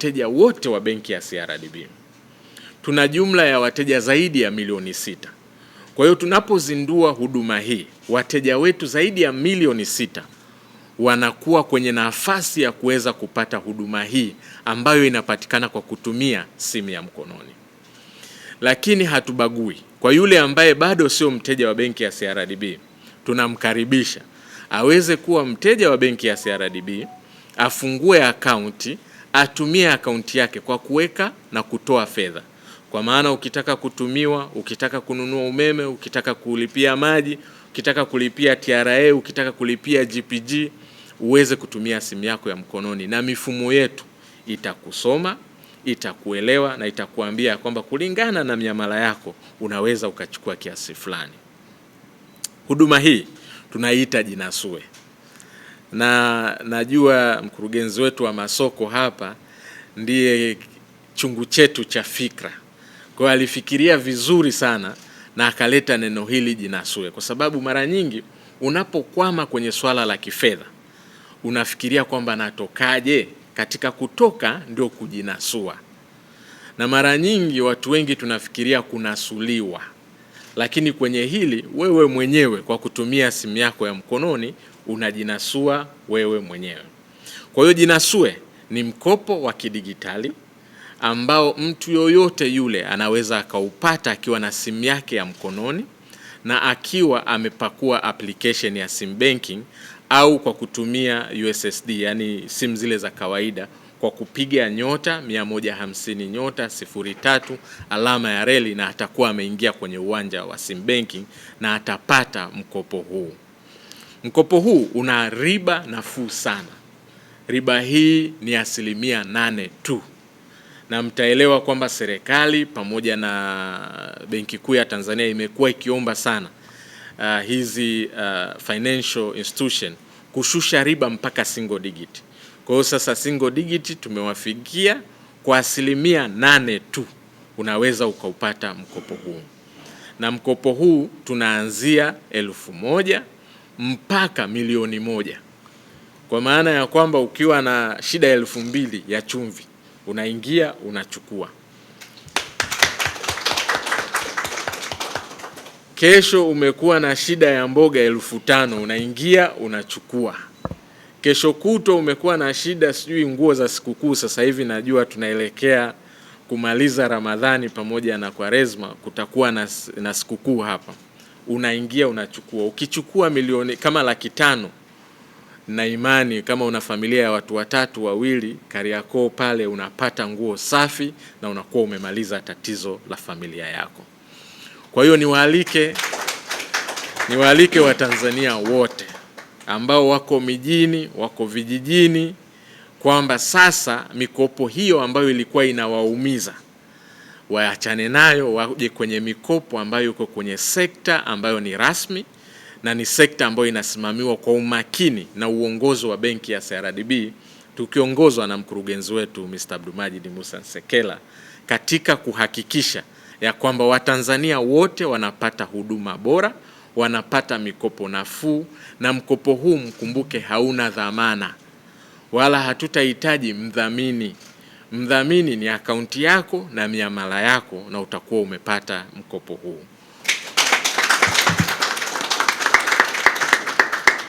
wateja wote wa benki ya CRDB. Tuna jumla ya wateja zaidi ya milioni sita. Kwa hiyo tunapozindua huduma hii, wateja wetu zaidi ya milioni sita wanakuwa kwenye nafasi ya kuweza kupata huduma hii ambayo inapatikana kwa kutumia simu ya mkononi. Lakini hatubagui. Kwa yule ambaye bado sio mteja wa benki ya CRDB, tunamkaribisha aweze kuwa mteja wa benki ya CRDB, afungue akaunti atumie akaunti yake kwa kuweka na kutoa fedha. Kwa maana ukitaka kutumiwa, ukitaka kununua umeme, ukitaka kulipia maji, ukitaka kulipia TRA, ukitaka kulipia GPG, uweze kutumia simu yako ya mkononi, na mifumo yetu itakusoma, itakuelewa na itakuambia kwamba kulingana na miamala yako unaweza ukachukua kiasi fulani. Huduma hii tunaiita jinasue na najua mkurugenzi wetu wa masoko hapa ndiye chungu chetu cha fikra. Kwa hiyo alifikiria vizuri sana na akaleta neno hili jinasue, kwa sababu mara nyingi unapokwama kwenye swala la kifedha unafikiria kwamba natokaje, katika kutoka ndio kujinasua, na mara nyingi watu wengi tunafikiria kunasuliwa, lakini kwenye hili wewe mwenyewe kwa kutumia simu yako ya mkononi unajinasua wewe mwenyewe. Kwa hiyo Jinasue ni mkopo wa kidigitali ambao mtu yoyote yule anaweza akaupata akiwa na simu yake ya mkononi na akiwa amepakua application ya sim banking au kwa kutumia USSD, yani simu zile za kawaida, kwa kupiga nyota 150 nyota tatu alama ya reli, na atakuwa ameingia kwenye uwanja wa sim banking na atapata mkopo huu. Mkopo huu una riba nafuu sana. Riba hii ni asilimia nane tu, na mtaelewa kwamba serikali pamoja na Benki Kuu ya Tanzania imekuwa ikiomba sana uh, hizi uh, financial institution kushusha riba mpaka single digit. Kwa hiyo sasa single digit tumewafikia kwa asilimia nane tu, unaweza ukaupata mkopo huu, na mkopo huu tunaanzia elfu moja mpaka milioni moja, kwa maana ya kwamba ukiwa na shida elfu mbili ya chumvi unaingia unachukua. Kesho umekuwa na shida ya mboga elfu tano unaingia unachukua. Kesho kutwa umekuwa na shida sijui nguo za sikukuu. Sasa hivi najua tunaelekea kumaliza Ramadhani pamoja na Kwaresma, kutakuwa na, na sikukuu hapa unaingia unachukua. Ukichukua milioni kama laki tano, na imani kama una familia ya watu watatu wawili, Kariakoo pale unapata nguo safi na unakuwa umemaliza tatizo la familia yako. Kwa hiyo niwaalike, niwaalike Watanzania wote ambao wako mijini, wako vijijini kwamba sasa mikopo hiyo ambayo ilikuwa inawaumiza waachane nayo, waje kwenye mikopo ambayo iko kwenye sekta ambayo ni rasmi na ni sekta ambayo inasimamiwa kwa umakini na uongozi wa benki ya CRDB tukiongozwa na mkurugenzi wetu Mr. Abdulmajid Musa Nsekela katika kuhakikisha ya kwamba Watanzania wote wanapata huduma bora, wanapata mikopo nafuu, na mkopo huu mkumbuke, hauna dhamana wala hatutahitaji mdhamini mdhamini ni akaunti yako na miamala yako, na utakuwa umepata mkopo huu.